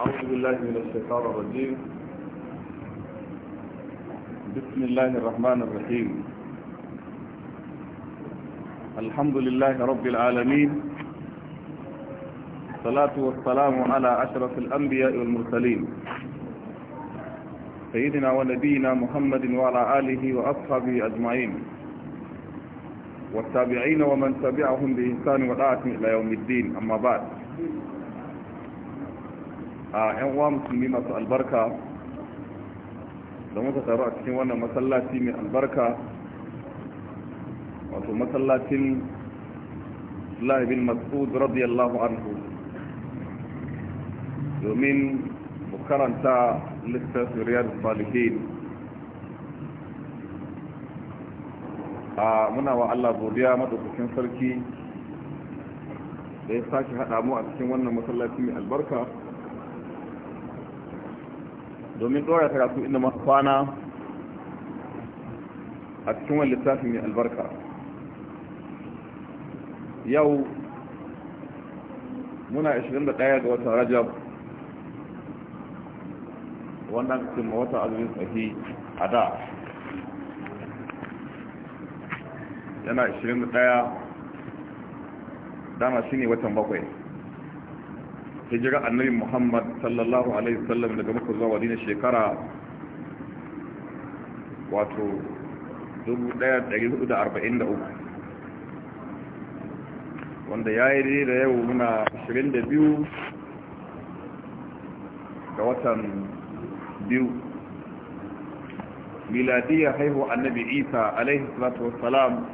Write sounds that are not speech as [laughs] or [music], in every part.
أعوذ بالله من الشيطان الرجيم بسم الله الرحمن الرحيم الحمد لله رب العالمين الصلاة والسلام على أشرف الأنبياء والمرسلين سيدنا ونبينا محمد وعلى آله وأصحابه أجمعين والتابعين ومن تبعهم بإنسان وطاعة إلى يوم الدين أما بعد a 'yan uwa musulmi masu albarka da muka taru a cikin wannan masallaci mai albarka wato masallacin bin mas'ud radiyallahu anhu domin mu karanta littafin riyar salihin a muna wa allah godiya madaukakin sarki da ya sake haɗa mu a cikin wannan masallaci mai albarka domin dora karatu inda masu kwana a cikin wani littafi mai albarka yau muna 21 ga watan rajab wannan cikin mawata azumin tsaki a da yana 21 dama shi ne watan bakwai hijira annabi muhammad sallallahu alaihi wasallam daga muku zuwa wadina shekara wato 1443 wanda ya yi da yau muna 22 ga watan biyu miladiya haihu annabi isa alaihi salatu wasalam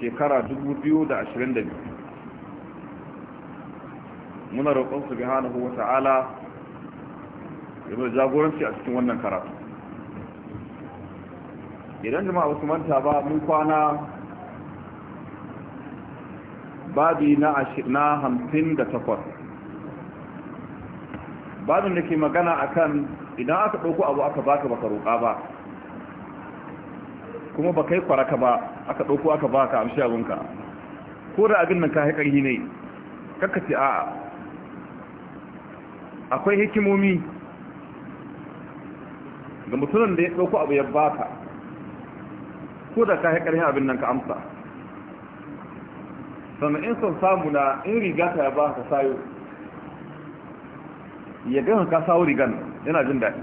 shekara 2022 muna roƙon su bi hannu wa ta'ala ya bai jagoranci a cikin wannan karatu idan jama'a wasu manta ba mun kwana babi na hamsin da takwas babin da ke magana akan idan aka ɗauko abu aka baka baka roƙa ba kuma ba kai kwaraka ba aka ɗauko aka baka amshi abinka ko da abin nan ka haƙarhi ne ce a'a akwai hikimomi ga mutumin da ya ɗauko abu ya baka ko da ka haƙar yin abin nan ka amsa sannan in son samu na in riga ka ya ba ka sayo ya gana ka sawo rigan yana jin daɗi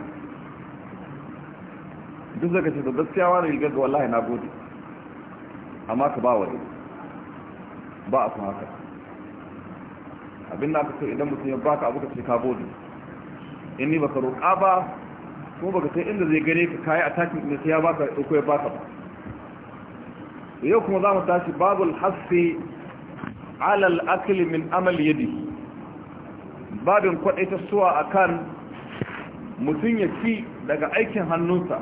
duk zaka ce da gaskiya wani rigar ga wallahi na gode amma ka ba wani ba a kuma haka abin da aka so idan mutum ya baka abu ka ce ka gode inni baka roƙa ba kuma baka san inda zai gare ka kayi attack din sai ya baka ko ya baka ba yau kuma za mu tashi babul hassi alal akli min amal yadi babin ta suwa akan mutum ya ci daga aikin hannunsa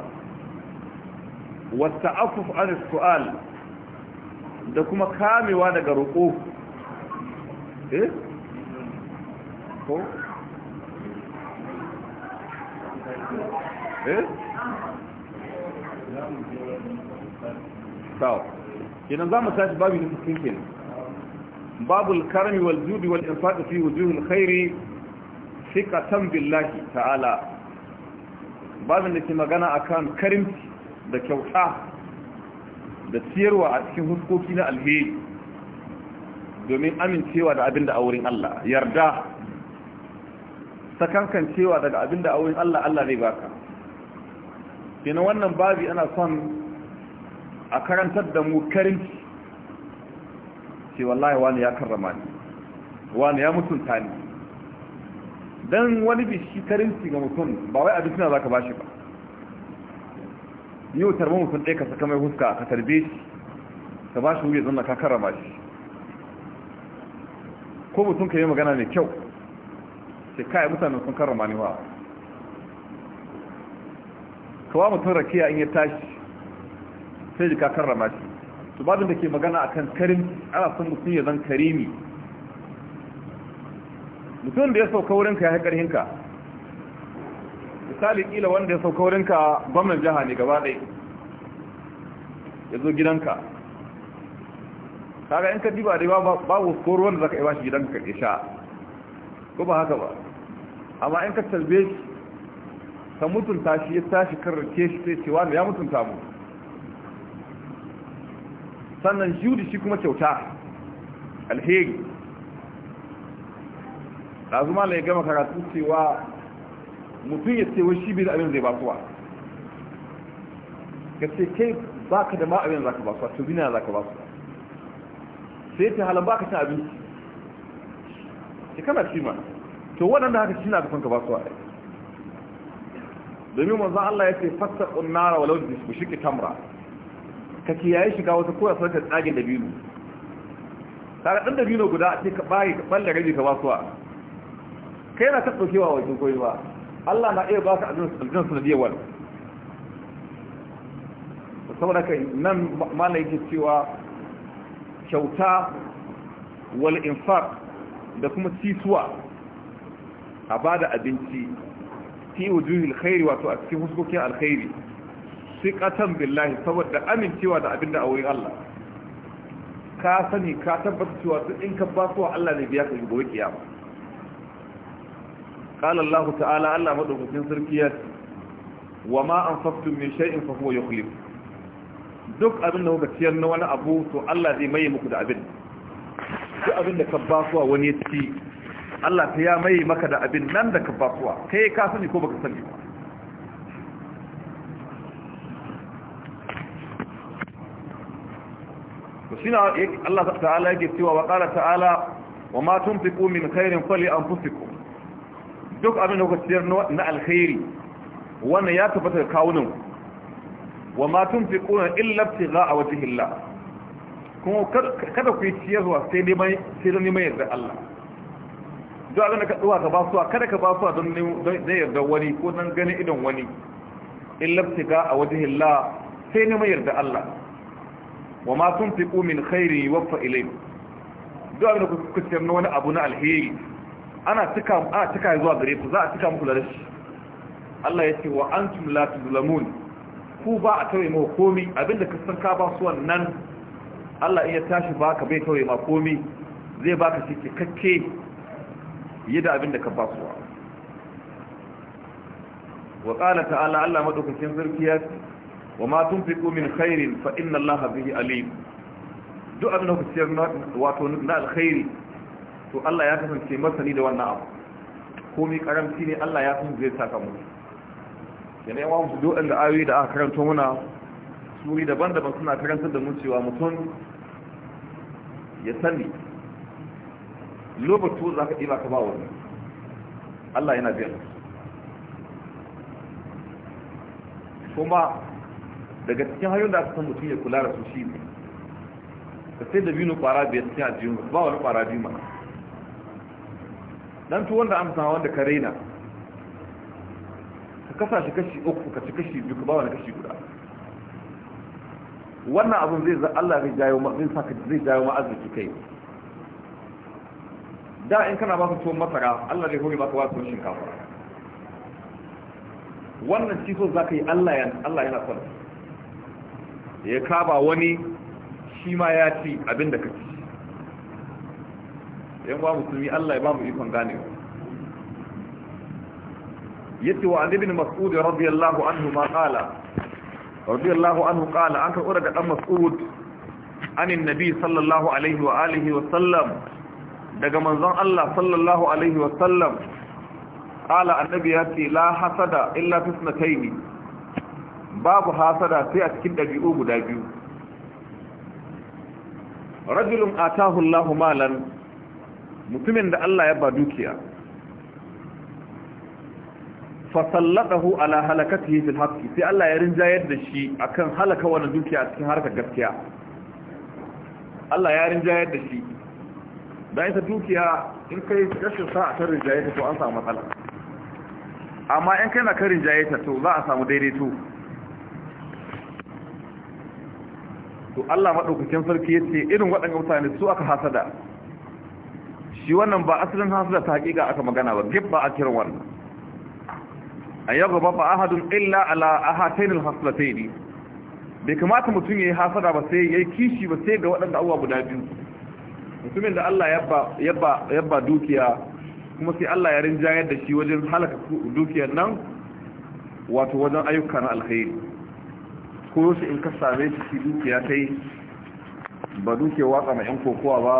wata afuf an su'al da kuma kamewa daga roƙo eh ko eh tawo idan za mu tashi babu yin cikin kenan babul karmi wal judi wal infaqi fi wujuhil khairi thiqatan billahi ta'ala babin da ke magana akan karimci da kyauta da siyarwa a cikin huskoki na alheri domin amincewa da abin da a wurin Allah yarda sakankan cewa daga abin da a wurin Allah Allah zai baka kenan wannan babi ana son a karantar da mu karin ce wallahi wani ya karrama ni wani ya mutunta ni dan wani bishi karinci ga mutum ba wai abin suna za ka bashi ba yau tarbi mutum ɗaya ka saka mai huska ka tarbe shi ka bashi wuya zan ka karrama shi ko mutum ka yi magana mai kyau sai kai mutanen sun karrama ni wa. kawo mutum rakiya in ya tashi sai jika kan shi su babin da ke magana a kan karim ana son mutum ya zan karimi mutum da ya sauka wurinka ya haƙar hinka misali ƙila wanda ya sauka wurinka gwamnan jiha ne gaba ɗai ya zo gidanka kaga in ka ba dai babu koruwan da za ka yi ba shi gidanka ya sha ko ba haka ba amma in ka talbe shi ta mutunta shi ya tashi karrake shi sai cewa ya mutunta mu sannan judi shi kuma kyauta alheri razuma ya gama karatu cewa mutum ya ce wani shibir abin zai basuwa ka ce kai baka da ma abin za ka basuwa to bina za ka basuwa sai ta halin ka ta abinci ya kana shi ma to waɗanda haka shi na kafin ka basuwa ɗaya domin manzan Allah ya ce fattaqun nara walau bi shirki tamra ka kiyaye shiga wata koya sarkar tsage da bilu tare ɗan da bilu guda ce ka bari ka balle rabi ka basuwa kai na ta ɗaukewa wajen koyi ba Allah na iya baka aljin sanadiyar wani saboda kai nan malai ke cewa kyauta wal infaq da kuma tisuwa a bada abinci fi wujuhil khairi wato a cikin huskokin alkhairi siqatan billahi saboda amincewa da abinda a wurin Allah ka sani ka tabbata cewa duk in ka ba su Allah ne biya ka yi gobe kiyama qala Allah ta'ala Allah madaukakin sarki ya wa ma anfaqtum min shay'in fa huwa yukhlif duk abin da kuka ciyar na wani abu to Allah zai maye muku da abin duk abin da ka ba su wani ya ci Allah ta ya mai maka da abin nan da ka basuwa kai ka sani ko baka sani ba shine Allah ta'ala yake cewa wa qala ta'ala wa ma tunfiqu min khairin fali anfusikum duk abin da kuka ciyar na alkhairi wannan ya tabbata kawunan wa ma tunfiquna illa ibtigha'a wajhillah kuma kada ku yi ciyarwa sai neman sai neman yarda Allah duk abin da ka tsuwa ka ba suwa kada ka ba suwa don zai yarda wani ko don gani idon wani in labtiga a wajen hilla sai ne mai yarda Allah wa ma sun fi min khairi wafa ilai duk abin da ku ciyar na wani abu na alheri ana cika ana zuwa gare ku za a cika muku da rashi Allah ya ce wa antum la tuzlamun ku ba a tauye mu komi abinda ka san ka ba basuwa nan Allah iya ya tashi baka bai tauye ma komi zai baka shi cikakke fiye da abin da ka basuwa wa qala ta'ala Allah madaukakin sarki ya ce wa ma tunfiqu min khairin fa inna Allah bihi alim duk abin da kuka ciyar wato na alkhairi to Allah ya kasance masani da wannan abu komai karamci ne Allah ya san zai saka mu yana yawan su do'an da ayoyi da aka karanto muna suri daban-daban suna karantar da mu cewa mutum ya sani lobatu za ka ɗiba ka ba wani Allah yana biyan kuma daga cikin hanyoyin da aka san mutum ya kula da su shi ne ka sai da binu kwara biyar cikin ajiyun ba wani kwara biyu mana dan tuwon da amsa wanda ka raina ka kasa shi kashi uku ka ci kashi biyu ka ba wani kashi guda wannan abin zai za Allah zai jayo ma zai saka zai jayo ma arziki kai da in kana ba su tuwon masara Allah zai hore baka ba tuwon shinkafa wannan ciso za ka yi Allah yana son ya kaba wani shi ma ya ci abin da ka ci yan ba musulmi Allah ya ba mu ikon ganewa yace wa an ibn mas'ud radiyallahu anhu ma qala radiyallahu anhu qala an ka ura da dan mas'ud an annabi sallallahu alaihi wa alihi wa sallam daga manzon Allah sallallahu alaihi wasallam ala annabi ya ce la hasada illa fisnataini babu hasada sai a cikin dabi'u guda biyu rajulun atahu Allahu malan mutumin da Allah ya ba dukiya sallatahu ala halakatihi fil haqqi sai Allah ya rinjayar da shi akan halaka wannan dukiya cikin harkar gaskiya Allah ya rinjayar da shi da ita dukiya in kai kashin sa a tarin rinjaye ta to an samu matsala amma in kai na karin rinjaye ta to za a samu daidaito to Allah maɗaukakin sarki ya ce irin waɗanda mutane su aka hasada shi wannan ba asalin hasada ta haƙiƙa aka magana ba gibba a kiran wannan an yi gaba ba ahadun illa ala ahatainul hasadatai ne bai kamata mutum ya yi hasada ba sai ya yi kishi ba sai ga waɗanda abubuwa guda biyu mutumin da Allah ya ba dukiya kuma sai Allah ya rinjayar da shi wajen halaka dukiyar nan wato wajen ayyuka na alkhairi ko shi in ka same shi dukiya ta yi ba duke watsa ma 'yan kokowa ba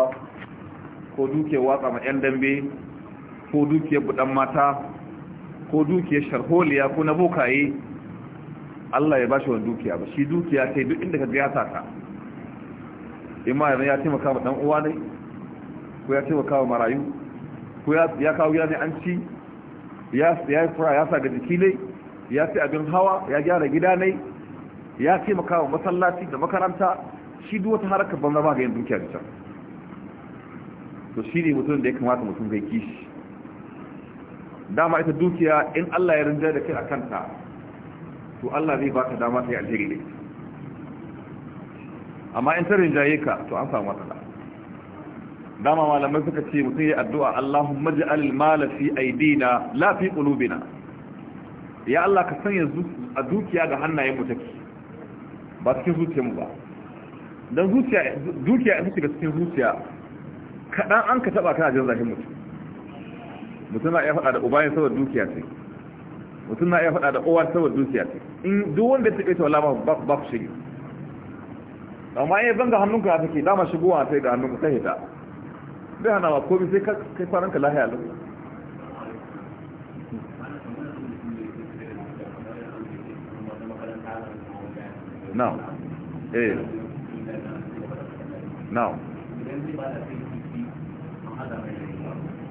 ko duke watsa ma 'yan dambe ko dukiyar budan mata ko dukiyar sharholiya ko na bokaye Allah ya ba shi wani dukiya ba shi dukiya ta yi duk inda ka gaya ta in ma yanzu ya taimaka ma dan uwa ne ko ya taimaka ma marayu ko ya kawo ya ne an ci ya yi fura ya sa ga jiki ne ya fi abin hawa ya gyara gida ne ya taimaka ma masallaci da makaranta shi duk wata haraka ban zama ga yin dukiya da can to shi ne mutum da ya kamata mutum kai kishi dama ita dukiya in Allah ya rinja da kai a kanta to Allah zai baka dama ta yi alheri ne amma in ta rinjaye ka to an samu matsala dama malamai suka ce mutum ya addu'a Allahumma ji'al mala fi aidina la fi qulubina ya Allah ka sanya a dukiya ga hannayen mu take ba cikin zuciya mu ba dan zuciya dukiya ita ce cikin zuciya kaɗan an ka taba kana jin zafin mutum mutum na iya faɗa da ubayin saboda dukiya ce mutum na iya faɗa da uwa saboda dukiya ce in duk wanda ya taɓa ita wala ba ba ku shige amma ya banga hannunka ya take dama shigowa ta yi da hannunka ta hita bai hana ba komi sai kai faranka lahiya lafiya now eh now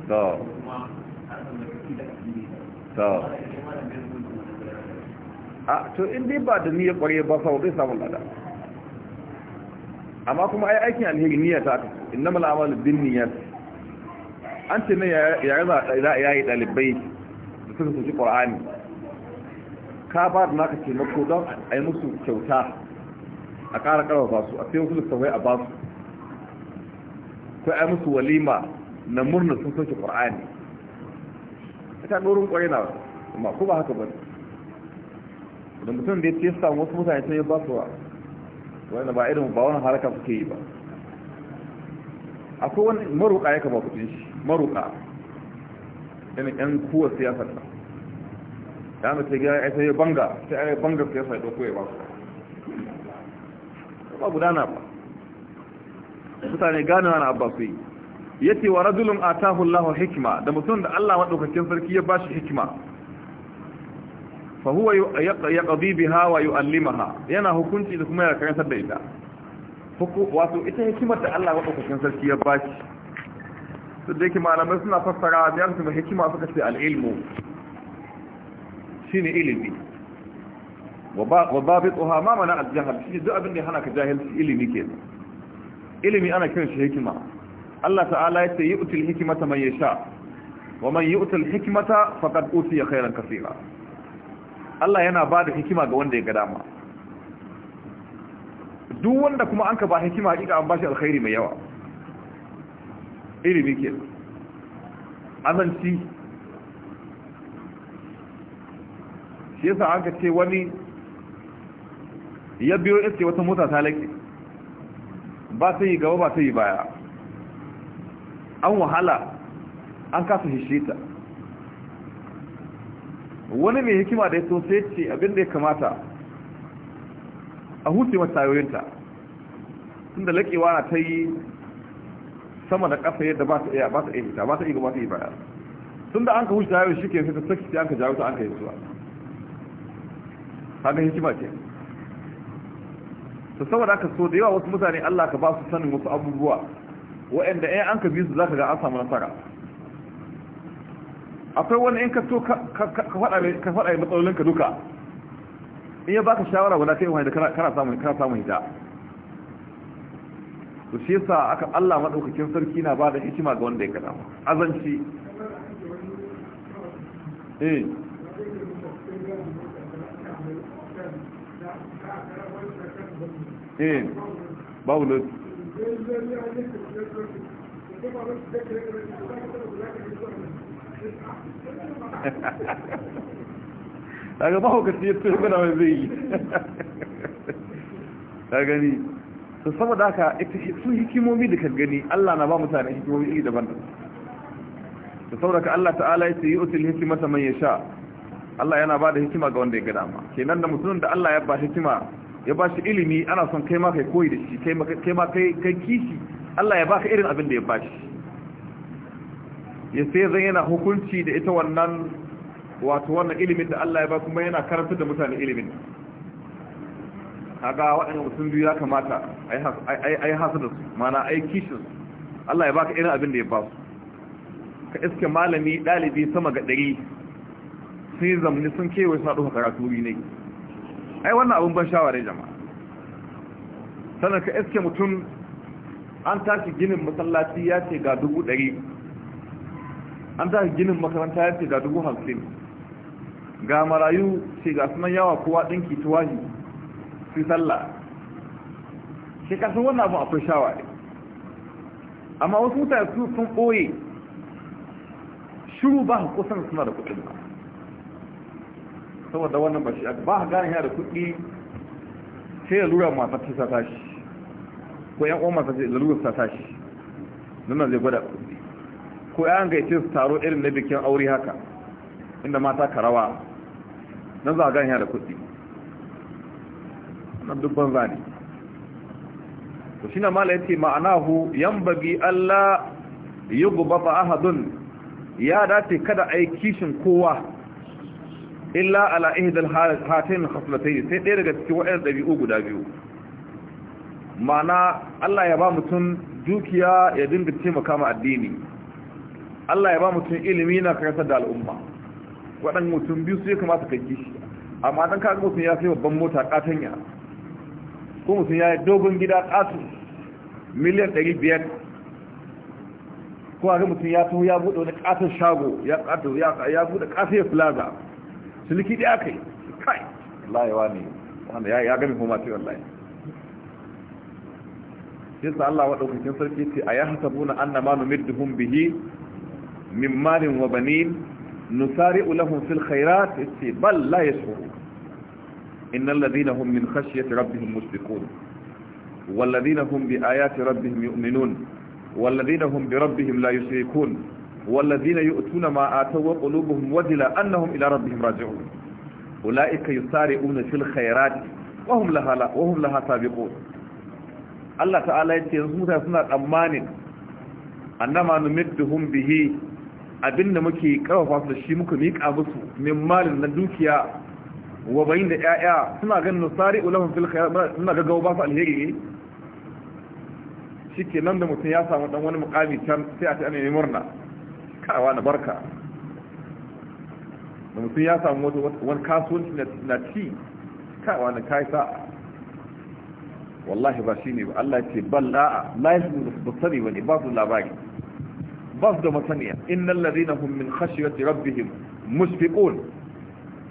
so so a to in ba da ya kware ba sa wadai samun ladan amma kuma ai aikin alheri niyya ta aka innamal a'malu niyyat an ce ne ya za a yayi dalibai da suka soki qur'ani ka ba da naka ce mako don a yi musu kyauta a ƙara ba su a sai wasu da a ba su ko a yi musu walima na murna sun soki qur'ani ta dorin ƙwarai na ba ko ba haka ba da mutum da ya ce samu wasu mutane sai ya ba su wanda ba irin ba wani haraka suke yi ba akwai wani maruka ya kama kucin shi maruka yana yan kuwa siyasar nan ya mace gina ya sai banga sai ya banga siyasar ya ɗauko ya ba su ba gudana ba mutane gane wani abba su yi ya ce wa radulun atahu lahon hikima da mutum da allah maɗaukakin sarki ya ba shi hikima fa huwa yaqdi biha wa yu'allimaha yana hukunci da kuma ya karantar da ita wato ita hikimar da Allah madaukakin sarki ya baki su da yake malamai suna fassara da yanzu mai hikima suka ce al'ilmu ne ilimi wa babu tsoha ma mana aljihar shi duk abin da hana ka jahilci ilimi ke ilimi ana kiran shi hikima Allah ta'ala ya ce yi utul hikimata mai ya sha wa man yi utul hikimata faqad utiya khairan kaseera Allah yana ba da hikima ga wanda ya ga dama duk wanda kuma an ka ba hikima haƙiƙa an ba shi alkhairi mai yawa ilimi ke azanci shi yasa an ka ce wani ya biyo iske wata mota ta laƙi ba ta yi gaba ba ta yi baya an wahala an kasa shi ta wani mai hikima da ya so sai ce abin da ya kamata a huce matayoyinta tun da laƙewa na ta yi sama da ƙasa yadda ba ta iya ba ta iya ba ta iya ba ta iya baya tun da an ka huce tayoyin shi ke sai ta saki sai an ka jawo ta an ka yi zuwa haka hikima ce ta saboda aka so da yawa wasu mutane Allah ka ba su sanin wasu abubuwa wa'anda ɗaya an ka bi su za ka ga an samu nasara akwai wani in ka to ka faɗa matsalolinka duka in ya baka shawara guda kai wani da kana samun kana samun hita to shi yasa aka Allah madaukakin sarki na bada hikima ga wanda ya kada azanci eh eh babu lokaci daga mahaukaci ya fi gana mai zai yi ta gani su saboda haka sun hikimomi da kan gani Allah na ba mutane hikimomi iri daban da su saboda ka Allah ta'ala ya ce yi utul hikimata man ya sha Allah yana ba da hikima ga wanda ya gada ma nan da mutum da Allah ya ba hikima ya ba shi ilimi ana son kai ma kai koyi da shi kai ma kai kishi Allah ya ba ka irin abin da ya ba shi ya sai zan yana hukunci da ita wannan wato wannan ilimin da Allah ya ba kuma yana karanta da mutane ilimin kaga waɗanda mutum biyu ya kamata a yi hasa da su mana a yi kishin Allah ya baka irin abin da ya ba su ka iske malami ɗalibi sama ga ɗari sun yi zamani sun kewa suna ɗuka karatu ne ai wannan abin ban shawarar jama'a sannan ka iske mutum an tashi ginin masallaci ya ce ga dubu ɗari an za ginin makaranta ya ce ga dubu hamsin ga marayu ce ga sunan yawa kowa ɗinki tuwahi su sallah shi kasar wannan abin akwai shawa ne amma wasu mutane su sun ɓoye shiru ba kusan suna da kuɗin ba saboda wannan ba shi ba gane yana da kuɗi sai da lura masu ta tashi ko yan uwan masu ta lura ta tashi nuna zai gwada kuɗi ko yayan yace su taro irin na bikin aure haka inda mata karawa nan za a ganya da kuɗi nan dubban zani to shi na mala ya ma'anahu yan allah yi ahadun ya dace kada a kishin kowa illa ala ihdal hatin khaslatayn sai daya daga cikin waɗannan dabi'u guda biyu ma'ana Allah ya ba mutum dukiya ya dinga taimaka ma addini Allah ya ba mutum ilimi na karantar da al'umma waɗan mutum biyu sai kamata ka kishi amma dan kaga mutum ya sai babban mota katanya ko mutum ya yi dogon gida katu miliyan 500 ko ga mutum ya taho ya bude wani katon shago ya kato ya ya bude kafiyar plaza siliki da kai kai wallahi wani wanda ya ya gami kuma ce wallahi sai sa Allah wa daukakin sarki ce ayahsabuna annama numidduhum bihi من مال وبنين نسارع لهم في الخيرات بل لا يشعرون إن الذين هم من خشية ربهم مشفقون والذين هم بآيات ربهم يؤمنون والذين هم بربهم لا يشركون والذين يؤتون ما آتوا قلوبهم وجل أنهم إلى ربهم راجعون أولئك يسارعون في الخيرات وهم لها, لا وهم لها سابقون الله تعالى يتنزمون سنة أمان أنما نمدهم به abinda muke karfafa su shi muka miƙa musu min malin na dukiya wa bayin da ƴaƴa suna ganin Sari ulama fil khairat suna gaggawa ba su alheri ne shike nan da mutum ya samu dan wani muqami can sai a ce ana yi murna kawa na barka da mutum ya samu wata wani kasuwanci na ci kawa na kai sa'a wallahi ba shi ne ba Allah ce balla a'a la yasmu basari wani ba su labari ba su da masaniya innal ladina hum min khashyati rabbihim mushfiqun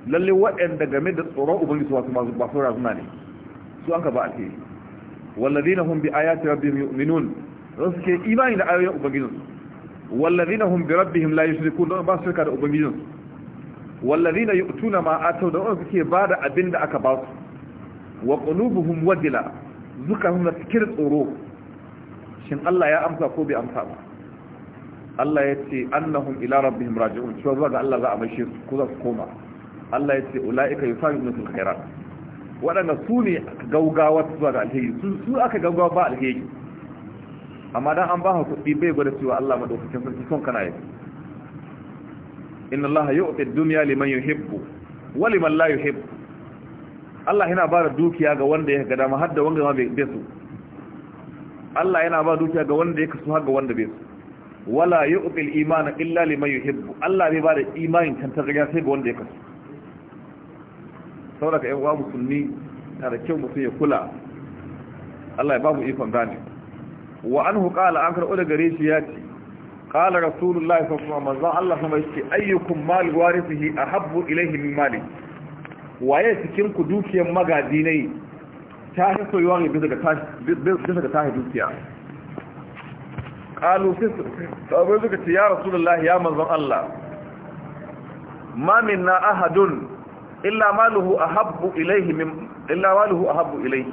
lalle waɗanda game da tsoron ubangiji wasu masu ba su razuna ne su an ka ba alheri walladina hum bi ayati rabbihim yu'minun suke imani da ayoyin ubangijin walladina hum bi rabbihim la yushrikun don ba su shirka da ubangijin walladina yu'tuna ma atau da suke bada abin da aka ba su wa qulubuhum wajila zukahum na cikin tsoro shin Allah ya amsa ko bai amsa ba Allah ya ce annahum ila rabbihim raji'un cewa zuwa ga Allah za a maishe su za su koma Allah ya ce ulaika yusabiquna fil khairat wadanda su ne gaugawa zuwa ga alheri su su aka gaugawa ba alheri amma dan an ba ka kuɗi bai gwada cewa Allah madaukakin sarki son kana yi inna Allah yu'ti ad-dunya liman yuhibbu wa liman la yuhibbu Allah yana ba da dukiya ga wanda ya ga dama har da wanda ma bai so Allah yana ba dukiya ga wanda ya kasu har ga wanda bai so wala yu'til imana mai liman yuhibbu Allah bai da imanin kan ta riga sai ga wanda ya kasu saboda ka uwa musulmi na da kyau mutum ya kula Allah ya ba mu ikon gane wa an qala an karɓo daga gare shi ya ce qala rasulullahi sallallahu alaihi wasallam manzo Allah kuma yace ayyukum mal warithihi ahabbu ilayhi min mali waye cikin ku dukiyar magadinai ta soyuwa ne bisa ga tashi dukiya qalu fisr sabai suka ce ya rasulullahi ya manzon Allah ma minna ahadun illa maluhu ahabbu ilayhi min illa maluhu ahabbu ilayhi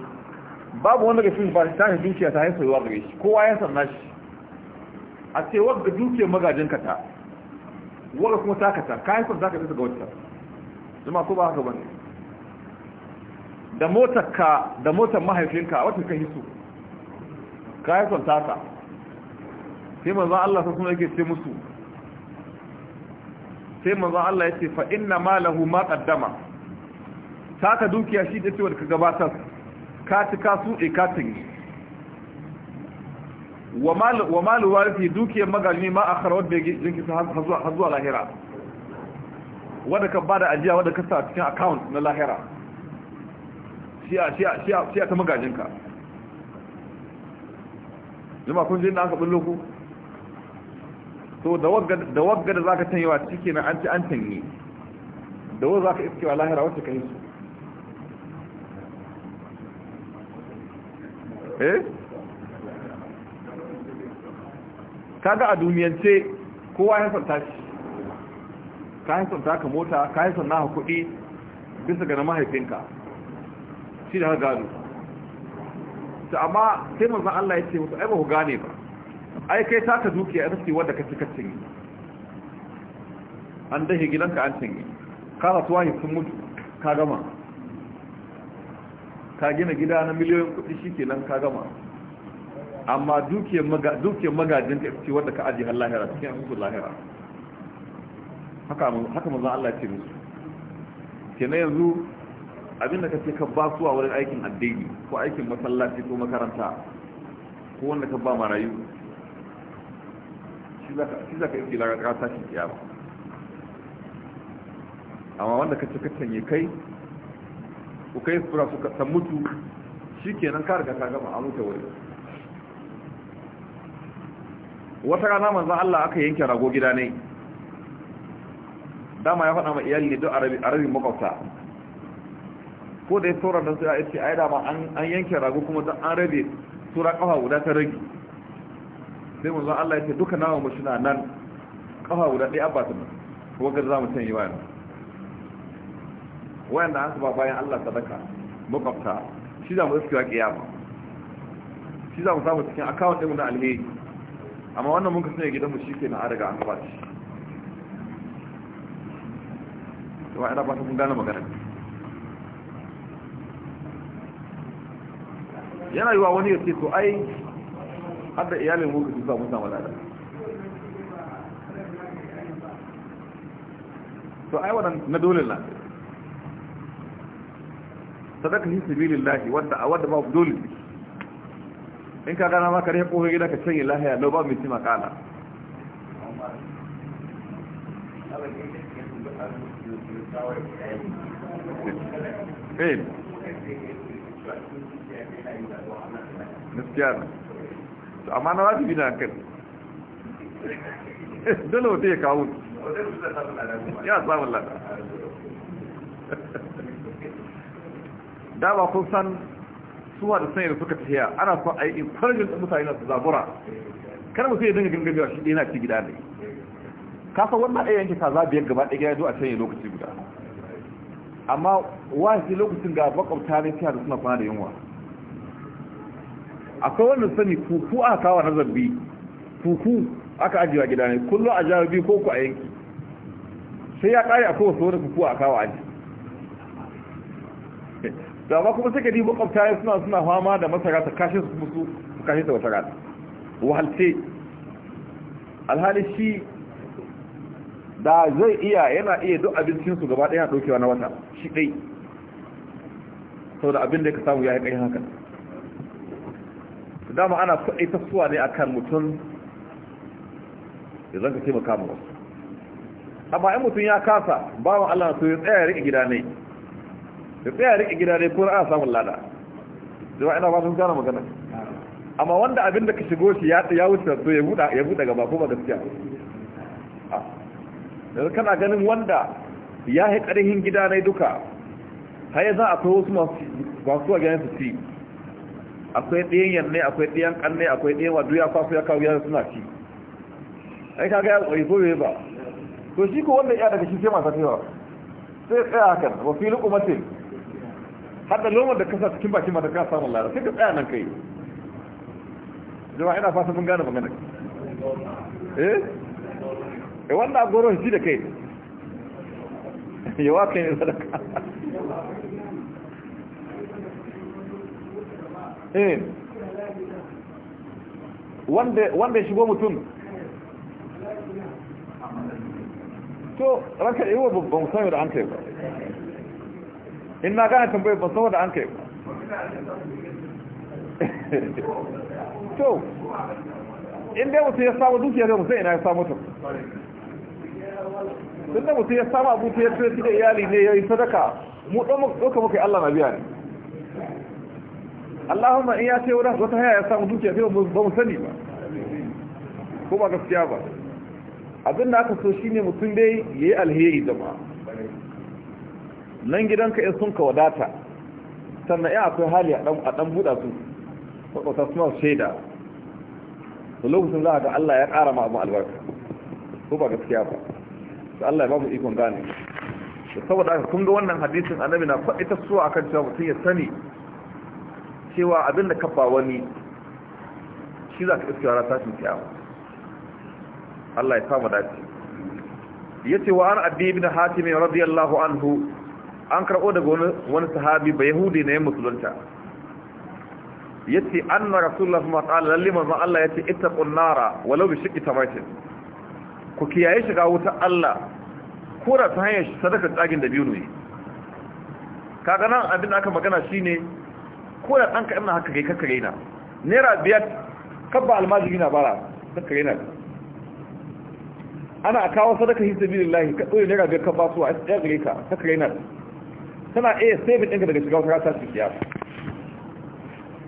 babu wanda ga shi ba ta shi dukiya ta haifa yawa gare shi kowa ya sanna shi a ce wanda dukiyar magajin ka ta wanda kuma ta kata ka haifa zaka ta ga wata kuma ko ba haka bane da motar ka da motar mahaifinka wata kan su? ka haifa ta ta sai manzo Allah sai kuma yake ce musu sai manzo Allah yace fa inna malahu ma qaddama saka dukiya shi da cewa ka gabatar ka tuka ka su e ka tuni wa mal wa mal warithi dukiyar magalmi ma akhara wadda jinki har zuwa lahira wadda ka bada ajiya wadda ka sa cikin account na lahira shi a shi a shi a ta magajinka jama'a kun je na ka bullo ku to da wagga da za ka tanyewa ciki na an ci an tanye da wagga zaka iske iskewa lahira wacce ka yi su eh kaga a duniyance kowa ya santa shi ka yi santa ka mota ka yi santa ka kuɗi bisa ga na mahaifinka shi da ka gado, ta amma sai manzan Allah ya ce wasu ai ba ku gane ba ai kai ta ka dukiya a ce wadda ka fi kacin an gidan gidanka an cinye kara yi sun mutu ka gama ka gina gida na miliyoyin kudi shi ke nan ka gama amma dukiyar magajin ka ce wadda ka aji har lahira cikin asusun lahira haka mazan Allah ce musu ke na yanzu abinda ka ce ka ba suwa wurin aikin addini ko aikin masallaci ko makaranta ko wanda ka ba marayu shi za ka iske lagara tashin kiyama amma wanda ka cikakkan canye kai ku kai sura ka san mutu shi kenan ka riga ta gama a mutu wuri wata rana manzan Allah aka yanke rago gida ne dama ya faɗa ma iyali ne don arabin makwabta ko da ya sauran don su a ce ai dama an yanke rago kuma don an rabe tura kafa guda ta rage sai zan Allah ya ce duka nawa mu shina nan kafa guda ɗaya ba abba nan kuma ga za mu san yiwa ne wanda aka ba bayan Allah sadaka makwabta shi za mu iske kiyama shi za mu samu cikin account din mu na alheri amma wannan mun kasance gidan mu shike na arga an gaba shi to ai ba ta mun gane magana yana yiwa wani ya ce to ai har da iyalin mu su samu samu lada to ai wannan na dole na sadaka fi sabilillahi wanda a wadda ba dole in ka gana ma ka rike gida ka canye lahiya na ba mai cima kala eh gaskiya to amma na wajibi na kan dole wata ya kawo ya samun lada dama kun san suwa da da suka tafiya ana son a yi infarjin da mutane su zabura kan mutum ya dinga gangajewa shi ɗaya na ci gida ne kasa wannan ɗaya yanki kaza biyar gaba ɗaya zo a canye lokaci guda amma wahisi lokacin ga makwabta ne ciyar da suna kwana da yunwa akwai wanda sani kuku aka kawo na kuku aka ajiye a gida ne kullum a jawo biyu ko ku a yanki sai ya kare akwai wasu wani kuku aka kawo aji [laughs] da ba kuma suka dibo kwamta ya suna suna fama da masara ta kashe su kuma su kashe ta wata rata wahalce alhali shi da zai iya yana iya duk abincinsu gaba ɗaya ɗaukewa na wata shi ɗai sau da abin da ya ka samu ya yi ƙarfi haka dama ana kwaɗe ta suwa ne kan mutum idan ka taimaka mu wasu amma in mutum ya kasa bawan Allah su ya tsaya rike gida ne ya tsaya rike gida ne ko ana samun lada zai ina ba sun gane magana amma wanda abin da ka shigo shi ya ya wuce to ya buɗa ya buɗa gaba ko ba gaskiya ah. yanzu kana ganin wanda ya yi ƙarihin gida ne duka har za a wasu masu masu ganin su ci akwai ɗayan yanne akwai ɗayan ƙanne akwai ɗayan wadu ya fafu, ya kawo yana suna ci ai kaga ya ƙwai zoye ba to shi ko wannan ya daga shi sai masu cewa sai tsaya hakan wa fili kumatin har da lomar da kasa cikin bakin mata kasa samun lara sai ka tsaya nan kai jama'a ina fasa mun gane magana eh wanda eh, wannan shi da kai yawa kai ne sadaka Eh. wanda ya shigo mutum to ranka yi wa babban sami da an kai ba in na gane tambayar ban sama da an kai ba [laughs] to in dai mutum ya samu dukiya da mutum ina ya samu mutum tun da mutum ya samu abu ta ya tuwa da iyali ne ya yi sadaka mu ɗan muka ɗauka muka yi allah na biya ne Allahumma in ya ce wani wata haya ya samu dukiya sai ba mu sani ba ko ba gaskiya ba abin da aka so shine mutum dai yayi alheri jama'a nan gidanka in sun ka wadata sannan ya akwai hali a dan buɗa su kwakwata suna shaida da lokacin za a ga Allah ya ƙara ma abin albarka ko ba gaskiya ba da Allah ya ba mu ikon gane saboda aka kun ga wannan hadisin annabi na faɗi ta suwa akan cewa mutum ya sani cewa abin da kafa wani shi za ka iskewa tashin kyawa Allah ya samu dace ya ce wa an na hati mai radiyallahu anhu an karɓo daga wani sahabi ba yahudi yin musulunta ya ce an na rasulullah su ala lalle mazan Allah ya ce ita ƙunnara walau bi shiƙi tamatin ku kiyaye shiga wuta Allah kura ta hanyar sadakar tsagin da biyu ne kaga nan abin da aka magana shine ko da ɗanka ina haka kai kaka gaina naira biyar kabba almajiri na bara kaka gaina ana a kawo sadaka hisabilillahi ka tsoye naira biyar kabba su a ɗaya gare ka kaka gaina tana iya saving ɗinka daga shiga wata rasa su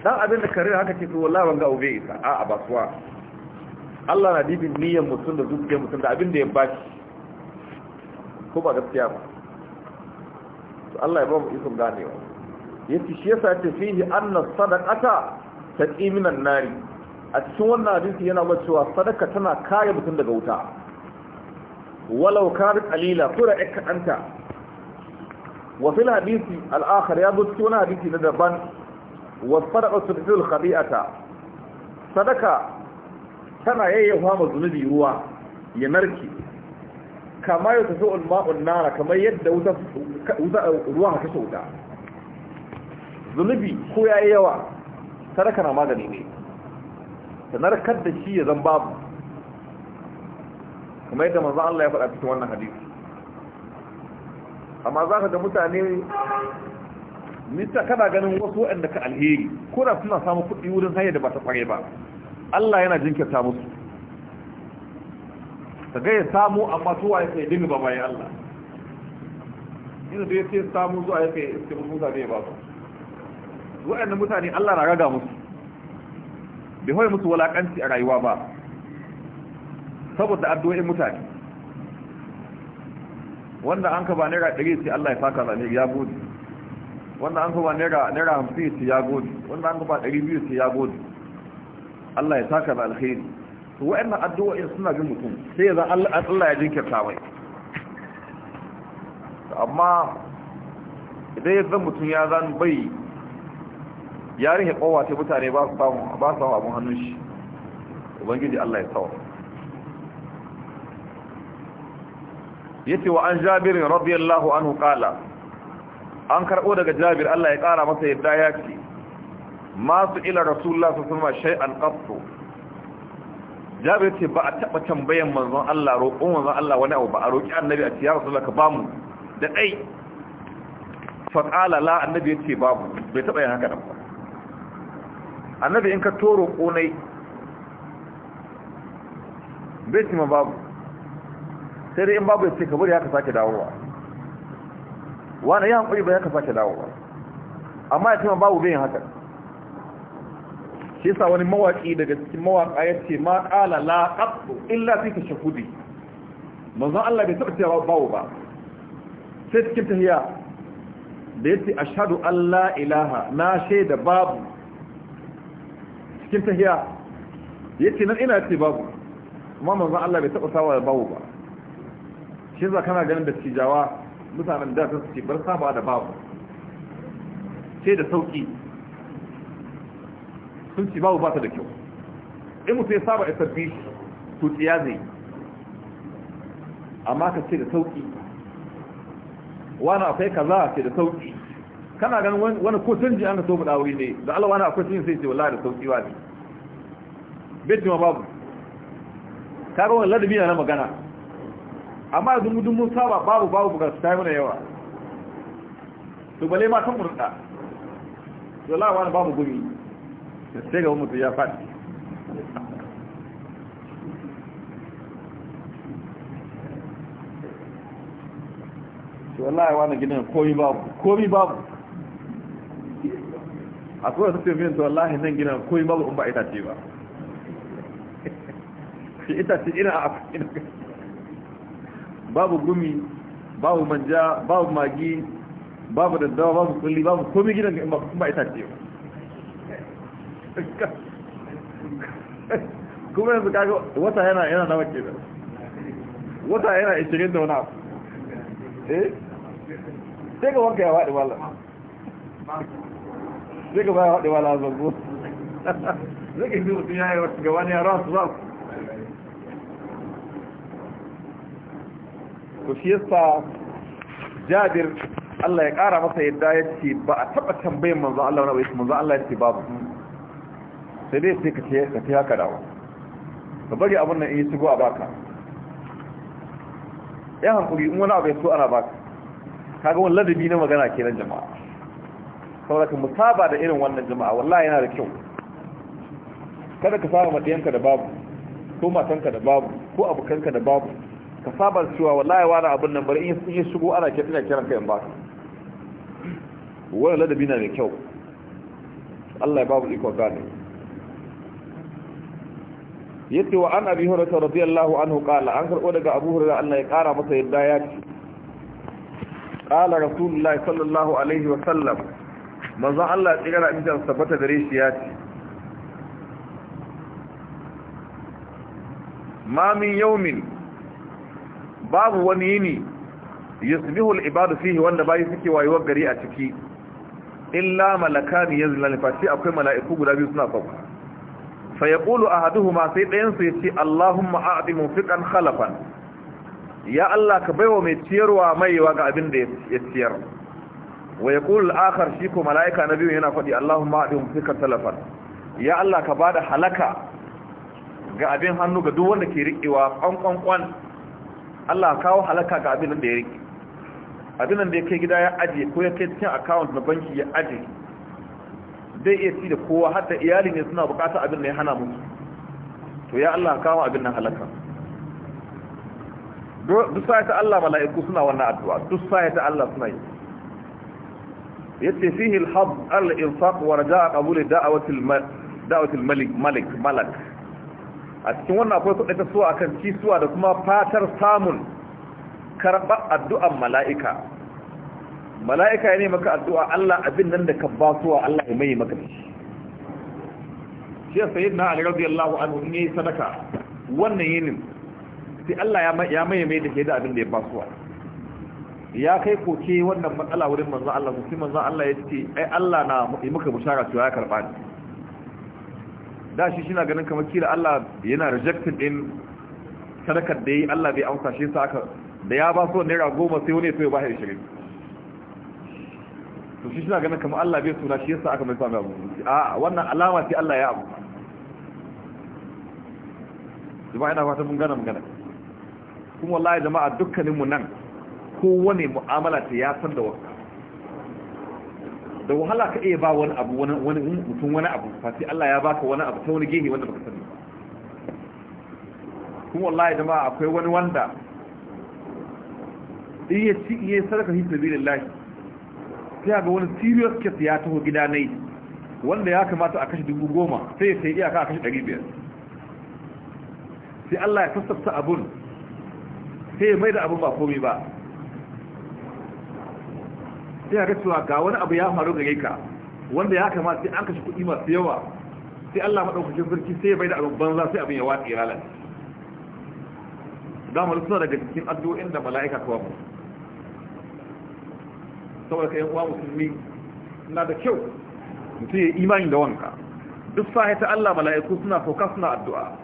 dan abin da kare haka ce to ban ga ube isa a a basuwa Allah na dibin niyyar mutum da zuciyar mutum da abin da ya shi ko ba gaskiya ba to Allah ya ba mu ikon ganewa yace shi yasa ta fihi anna sadaqata taqi minan nari a cikin wannan hadisi yana nuna cewa sadaka tana kare mutum daga wuta walau kar qalila kura ikanta wa fil hadisi al-akhar ya zuci wani hadisi na daban wa sadaqa tudhil khabi'ata sadaka tana yayyafa ma zunubi ruwa ya narki kama yau tafi ulma'un nara kamar yadda wuta ruwa ta wuta zunubi ko ya yi yawa sadaka na magani ne ta narkar da shi ya zan babu kuma yadda maza Allah ya faɗa cikin wannan hadisi amma za ka ga mutane mista kana ganin wasu waɗanda ka alheri ko da suna samun kuɗi wurin hanyar da ba ta ƙware ba Allah yana jinkirta musu ta gaya ya samu amma wa ya sai dini ba bayan Allah inda da ya ce samu zuwa ya kai iske musu ne ba su waɗannan mutane Allah na raga musu bai hoye musu walakanci a rayuwa ba saboda addu'o'in mutane wanda an ka ba naira 100 sai Allah ya saka zane ya gode wanda an ka ba naira naira 50 sai ya gode wanda an ka ba 200 sai ya gode Allah ya saka da alkhairi to waɗannan addu'o'in suna bin mutum sai ya za Allah ya jinkirta mai amma idan ya zan mutum ya zan bai ya rihe kowa ta mutane ba su samu abin hannun shi ubangiji Allah ya tsawar yace wa an jabir radiyallahu anhu qala an karbo daga jabir Allah ya kara masa yadda yake ma Masu ila rasulullah sallallahu alaihi wasallam shay'an qattu jabir ce ba a taba tambayan manzon Allah roƙon manzon Allah wani abu ba a roƙi annabi a ciyar ya rasulullah ka bamu da dai fa qala la annabi yace babu bai taba yin haka ba annabi in ka toro konai bai ma babu sai dai in babu ya ce ka bari haka sake dawowa wani ya hankali bai haka sake dawowa amma ya ma babu bai haka shi sa wani mawaki daga cikin mawaka ya ce ma kala la illa fi shahudi manzon Allah bai taɓa cewa babu ba sai cikin tahiya da ya ce a shaɗu Allah ilaha na shaida babu cikin tahiya ya ce nan ina ce babu amma manzan Allah bai taɓa sawa babu ba shi za kana ganin da cijawa mutanen da sun ce bar saba da babu ce da sauki sun ci babu ba ta da kyau in mutu ya saba ya sabbi to tsiya zai amma ka ce da sauki wani akwai kaza ce da sauki kana ganin wani ko canji an ka so da wuri ne da Allah wani akwai canji sai ce wallahi da sauki wa ne bai ma babu ka ga wani ladabi na magana amma da mu mun saba babu babu ga su tayi mana yawa to bale ma san murda wallahi wani babu gumi sai ga mutu ya faɗi wallahi wani gidan komi babu komi babu tura wasu tafiyan to wallahi nan gina kuma babu in ita ce ba shi ce ina a babu gumi babu manja babu magi babu daddawa babu kulli babu komi gidan in ba ita ba kuma yanzu kaga wata yana yana na ke da wata yana ishirin da wani abu eh sai ga wanka ya waɗi wallah zai gaba ya haɗe wala zango zai ka mutum ya yi wasu gaba ne a su za ku shi yasa jabir Allah ya ƙara masa yadda ya ce ba a taɓa tambayin manzo Allah wani abu manzo Allah ya ce babu sai dai sai ka ce haka dawa ka bari abin nan in yi shigo a baka ya hankuri in wani abu ya so ana baka kaga wani ladabi na magana kenan jama'a mu musaba da irin wannan jama'a wallahi yana da kyau kada ka saba madiyanka da babu ko matanka da babu ko abokanka da babu ka saba cewa wallahi wani abin nan bari in yi shigo ana ke ina kiran kai in ba wani ladabi na da kyau Allah ya babu iko gane yace wa an abi hurairah radiyallahu anhu qala an karbo daga abu hurairah Allah ya kara masa yadda ya ce qala rasulullahi sallallahu alaihi wa sallam manzon Allah tsira da inda tabbata gare shi ya ce ma min yawmin babu wani yini yusbihu al-ibadu fihi wanda bayi suke wayewar gari a ciki illa malakani yazlan fati akwai mala'iku guda biyu suna sauka fa yaqulu ahaduhuma sai dayan su yace Allahumma a'ti munfiqan khalafan ya Allah ka baiwa mai ciyarwa maiwa ga abin da ya ciyar wa ya kula akar shi ko malaika na biyu yana faɗi Allahumma fi fikar talafar ya Allah ka ba da halaka ga abin hannu ga duwanda ke riƙewa ƙwanƙwanƙwan. Allah kawo halaka ga abin da ya riƙe abin da ya kai gida ya ajiye ko ya kai cikin akawunt na banki ya ajiye zai iya ci da kowa hatta iyali ne suna bukata abin da ya hana musu to ya Allah kawo abin nan halaka duk sai ta Allah mala'iku suna wannan addu'a duk ya ta Allah suna yi yace fihi al-hab al-infaq wa raja'a qabul da'wati al-da'wati al-malik malik malak a cikin wannan akwai kudin tasuwa akan kisuwa da kuma fatar samun karba addu'an mala'ika mala'ika ya ne maka addu'a Allah abin nan da ka ba suwa Allah ya mai maka shi shi sayyidina Ali radiyallahu anhu ne sadaka wannan yinin sai Allah ya mai mai da ke da abin da ya ba suwa ya kai koke wannan matsala wurin manzan Allah sai manzan Allah ya ce ai Allah na yi muka bushara cewa ya karba ni da shi shi na ganin kamar kila Allah yana rejectin din sadakar da yi Allah bai amsa shi sa aka da ya ba so naira goma sai wani ya so ya shirin to shi shi na ganin kamar Allah bai suna shi yasa aka mai sami abu a wannan alama ce Allah ya abu jama'a ina fata mun gana gana kuma wallahi jama'a dukkaninmu nan kowane mu'amala ta ya san da wasu da wahala ka iya ba wani abu wani mutum wani abu fasi Allah ya baka wani abu ta wani gehe wanda baka sani kuma wallahi da ma akwai wani wanda iya ci iya sadaka da sabilillah sai ga wani serious case ya taho gida yi wanda ya kamata a kashe dubu goma sai ya sai iyaka a kashe ɗari biyar sai Allah ya sassafta abun sai ya mai da abun ba komi ba sai ka cewa ga wani abu ya faru gare ka wanda ya kamata sai an kashe kuɗi masu yawa sai Allah madaukakin sarki sai bai da abin banza sai abin ya watsi ralan da mu suna daga cikin addu'o'in da mala'ika kawo mu saboda kai uwa musulmi na da kyau mutum ya imani da wanka duk sahi ta Allah mala'iku suna foka suna addu'a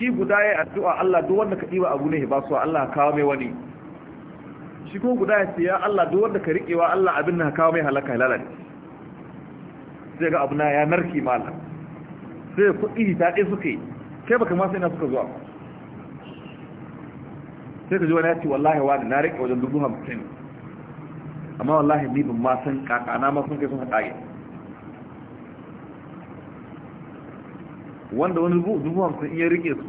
shi guda ya addu'a Allah duk wanda ka ɗiba abu ne ba su Allah kawo mai wani shi ko guda ya ce ya Allah duk wanda ka riƙewa Allah abin na kawo mai halaka lalace sai ga abu na ya narki mala sai kuɗi ta ɗaya suka yi kai baka ma sai na suka zuwa sai ka ji wani ya ce wallahi wani na riƙe wajen dubu hamsin amma wallahi ni ban ma san kakana ma sun kai sun haɗa wanda wani dubu hamsin in ya riƙe su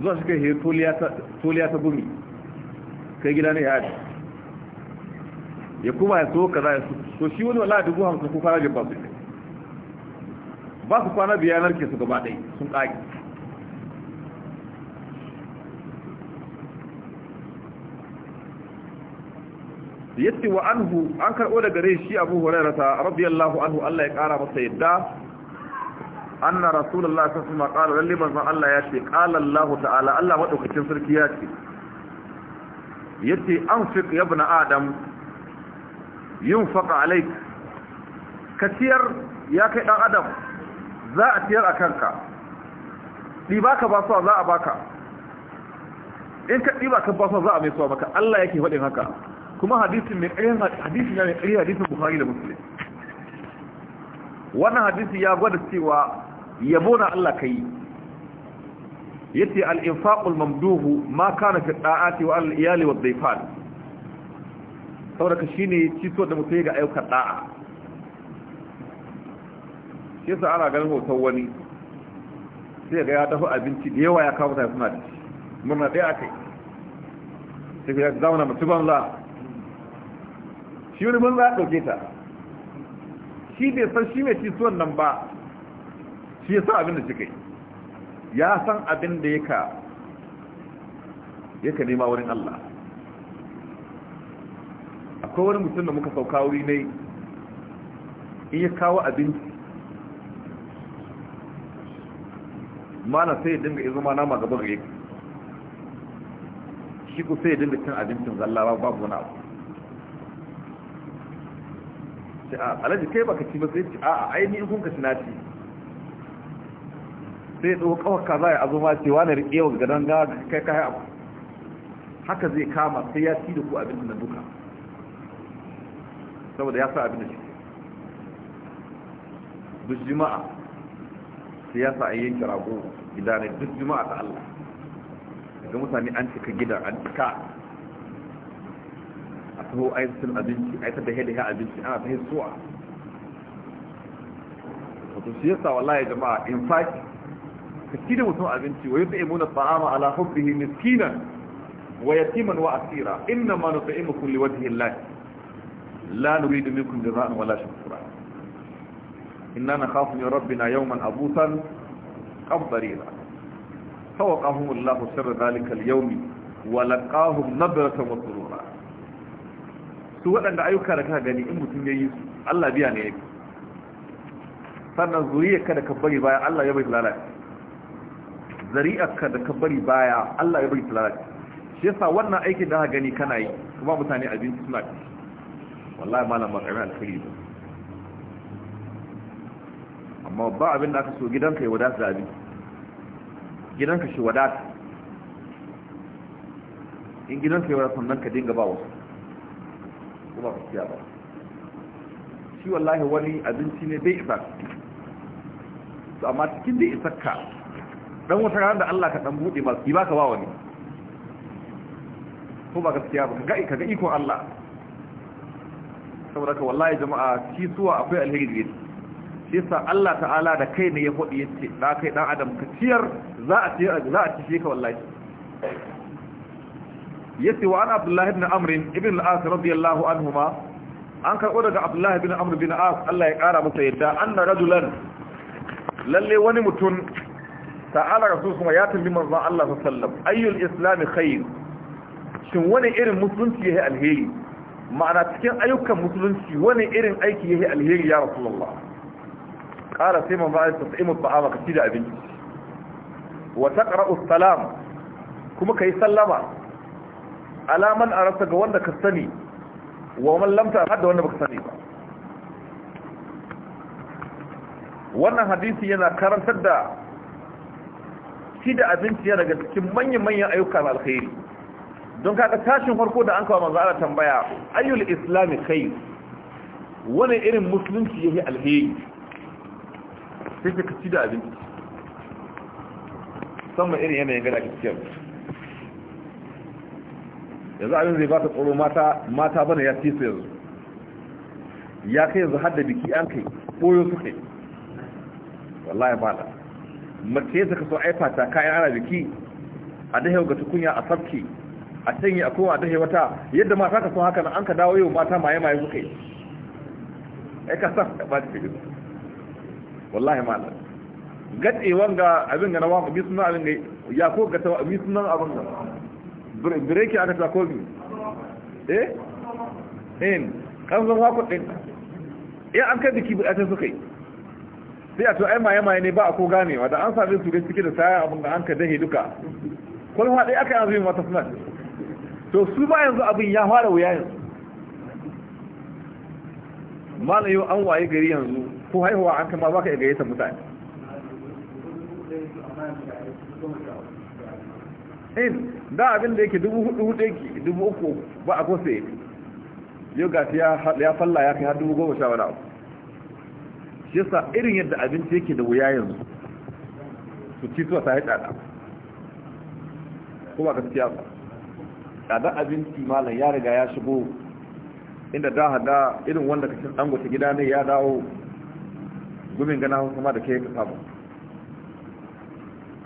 zuwa shi kai toliya ta gumi kai gida ne ya aji ya kuma ya so kaza su. so to shi wani wala dubu hamsin ko fara jin ba su ba su kwana biyanar ke su gaba ɗaya sun ƙage yace wa anhu an karɓo daga rai shi abu hurairata radiyallahu anhu Allah ya ƙara masa yadda anna rasulullahi sallallahu alaihi wasallam qala lillahi Allah ya ce qala Allah ta'ala Allah madaukakin sarki ya ce yace anfiq ya ibn adam yunfaq alayk kaciyar ya kai dan adam za a tiyar akanka di baka ba so za a baka in ka di baka ba so za a mai so baka Allah yake fadin haka kuma hadisin mai ƙarya hadisin mai ƙarya hadisin Bukhari da Muslim wannan hadisi ya gwada cewa yabo na Allah kai yace al-infaqul mamduhu ma kana fi da'ati wa al-iyali wa dhifan saboda shine cito da mutai ga ayyukan da'a yasa ana ganin hoton wani sai ga ya tafi abinci da yawa ya kawo ta suna da shi murna dai akai sai ya zauna mutum banza shi wani banza ya dauke ta shi bai san shi mai ci suwan nan ba shi ya sa abin da shi kai ya san abin da yaka yaka nema wurin Allah akwai wani mutum da muka sauka wuri ne in ya kawo abinci mana sai ya dinga izuma nama gaban gare shi ku sai ya dinga cin abincin zalla babu wani abu a alaji kai baka ci ba sai ci a a ainihin kun ka ci na ci sai ɗau kawar kaza ya a zuma ce wani riƙe wa gadon gawa kai kayan abu haka zai kama sai ya ci da ku abin da duka saboda ya sa abin da shi duk jima'a sai ya sa a yanke rago gida ne duk jima'a ta Allah ga mutane an cika gida an cika a taho aisin abinci aisar da hada abinci ana ta hisuwa wato shi yasa wallahi jama'a in fact ka ci da mutum abinci wa yadda imuna ta'ama ala hubbihi miskinan wa yatiman wa asira inna ma nut'imukum liwajhi Allah la nuridu minkum jazaa'an wala shukura inna nakhafu min rabbina yawman abusan qadarira fawqahum Allah sharra dhalika al-yawm wa laqahum nadratan wa surura su waɗanda ayyuka da ka gani in mutum yayi su Allah biya ne yake sannan zuriya kada ka bari baya Allah ya bai lalace zari'arka da ka bari baya Allah ya bari talaka shi yasa wannan aikin da ka gani kana yi kuma mutane abinci suna ci wallahi malam ba kai alkhairi ba amma ba abin da aka so gidanka ya wadata da abinci gidanka shi wadata in gidanka ya wadata sannan ka dinga ba wasu kuma ba su ba shi wallahi wani abinci ne bai isa amma cikin da ka dan wata ran da Allah ka dan bude ba ki baka ba wani ko ba gaskiya ba ka ga iko Allah saboda ka wallahi jama'a shi suwa akwai alheri ne shi sa Allah ta'ala da kai ne ya fodi yace da kai dan adam ka ciyar za a ciyar za a ci ka wallahi yace wa ana Abdullah ibn Amr ibn al-As radiyallahu anhuma an karbo daga Abdullah ibn Amr ibn As Allah ya kara masa yadda anna rajulan lalle wani mutum ta'ala rasul kuma ya tambi manzon Allah sallallahu alaihi wasallam ayyul khair shin wani irin musulunci yayi alheri ma'ana cikin ayyukan musulunci wani irin aiki yayi alheri ya rasulullah qala sai man ba'a tasaimu ta'ama ka ci da abinci wa taqra'u salam kuma kai sallama alaman arasa ga wanda ka sani wa man lam ta'had wanda baka sani ba wannan hadisi yana karantar da ci da abinci yana daga cikin manyan-manyan ayyuka na alkhairi don kaga tashin farko da an kawo manzo Allah tambaya ayyul islami kai wani irin musulunci yake alheri sai ka ci da abinci Samun irin yanayin gada cikin yanzu abin zai ba ta tsoro mata mata bane ya ci yanzu ya kai yanzu hada da biki an kai koyo su kai wallahi ba da mace ta kaso aifata kayan ana biki a dahe ga tukunya a sabki a sanya a kowa dahe wata yadda mata ka son haka na an ka dawo yau mata maye maye suka yi ai ka sa ba ta gidi wallahi ma Allah gatse wanga abin ga na wa bi sunan abin ga ya ko ga ta bi sunan abin ga bireki aka ta ko bi eh in kan zan wa din eh an ka biki ba ta suka yi sai a to ai maye maye ne ba a ko ganewa da an sami su dai cike da saya abin da an ka dahe duka kwalwa dai aka yanzu yin wata suna to su ba yanzu abin ya fara wuya yanzu yau an waye gari yanzu ko haihuwa an kama baka iya gayyata mutane in eh, da abin da yake dubu hudu hudu yake dubu uku ba a kose yau ga ya falla ya kai har dubu goma sha wani abu yasa irin yadda abinci yake da wuya yanzu su ci suwa ta yi tsada kuma gaskiya ba tsada abinci malam ya riga ya shigo inda da hada irin wanda ka cin dangota gida ne ya dawo gumin gana kuma da ke ka samu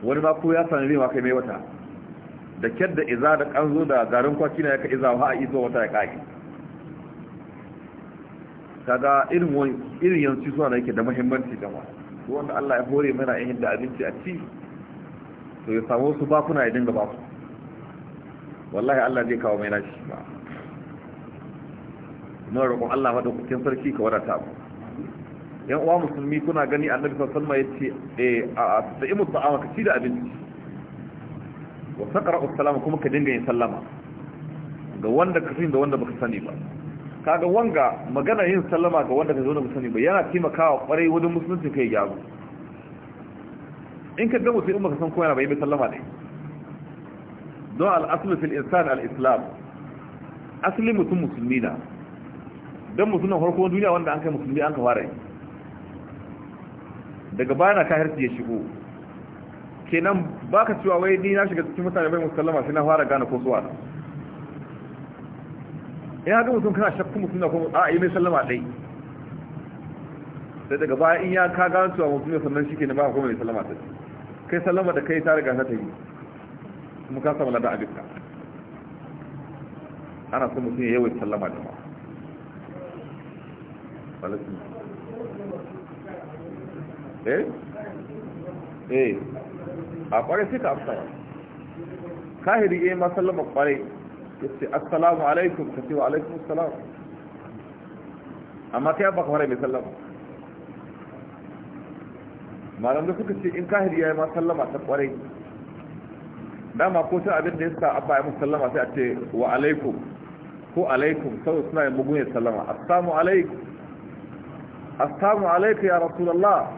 wani ma ko ya sami ma kai mai wata da kyar da iza da kanzo da garin kwaki na ya ka iza wa ha'a izo wata ya kage kaga irin wani irin yanzu suna da yake da muhimmanci gama wanda Allah ya hore mana yin da abinci a ci to ya samu su bakuna ya dinga baku wallahi Allah zai kawo mai nashi ba muna roƙo Allah kin sarki ka wadata ba. yan uwa musulmi kuna gani annabi sallallahu alaihi wasallam yace eh a ta'imu ta'ama ka ci da abinci wa saqra'u salama kuma ka dinga yin sallama ga wanda ka sani da wanda baka sani ba kaga wanga magana yin sallama ga wanda ka zo da musulmi ba yana taimakawa kwarai wajen musulunci kai gyaru in ka ga mutum in baka san yana bai bai sallama ne don al'asulu fil insani al'islam islam asali mutum musulmi na don musulman farko duniya wanda an kai musulmi an ka fara yi daga ka kahirci ya shigo kenan baka cewa wai ni na shiga cikin mutane bai musallama sai na fara gane ko suwa na ya ga mutum kana shakkun mutum na kuma a yi mai sallama ɗai sai daga baya in ya ka gano cewa mutum ya sannan shi ke na ba kuma mai sallama ta kai sallama da kai ta riga ta yi kuma ka samu ladan abinka ana son mutum ya yawan sallama da ma eh eh a kwarai sai ka amsa kahiri eh ma sallama kwarai ya ce assalamu alaikum ka ce wa alaikum assalam amma ta yabba kamar mai sallama malam da suka ce in kahiri ya yi ma sallama ta kwarai dama ko ta abin da ya sa abba ya mu sallama sai a ce wa alaikum ko alaikum sau suna yin mugun ya sallama assalamu alaikum assalamu alaikum ya rasulallah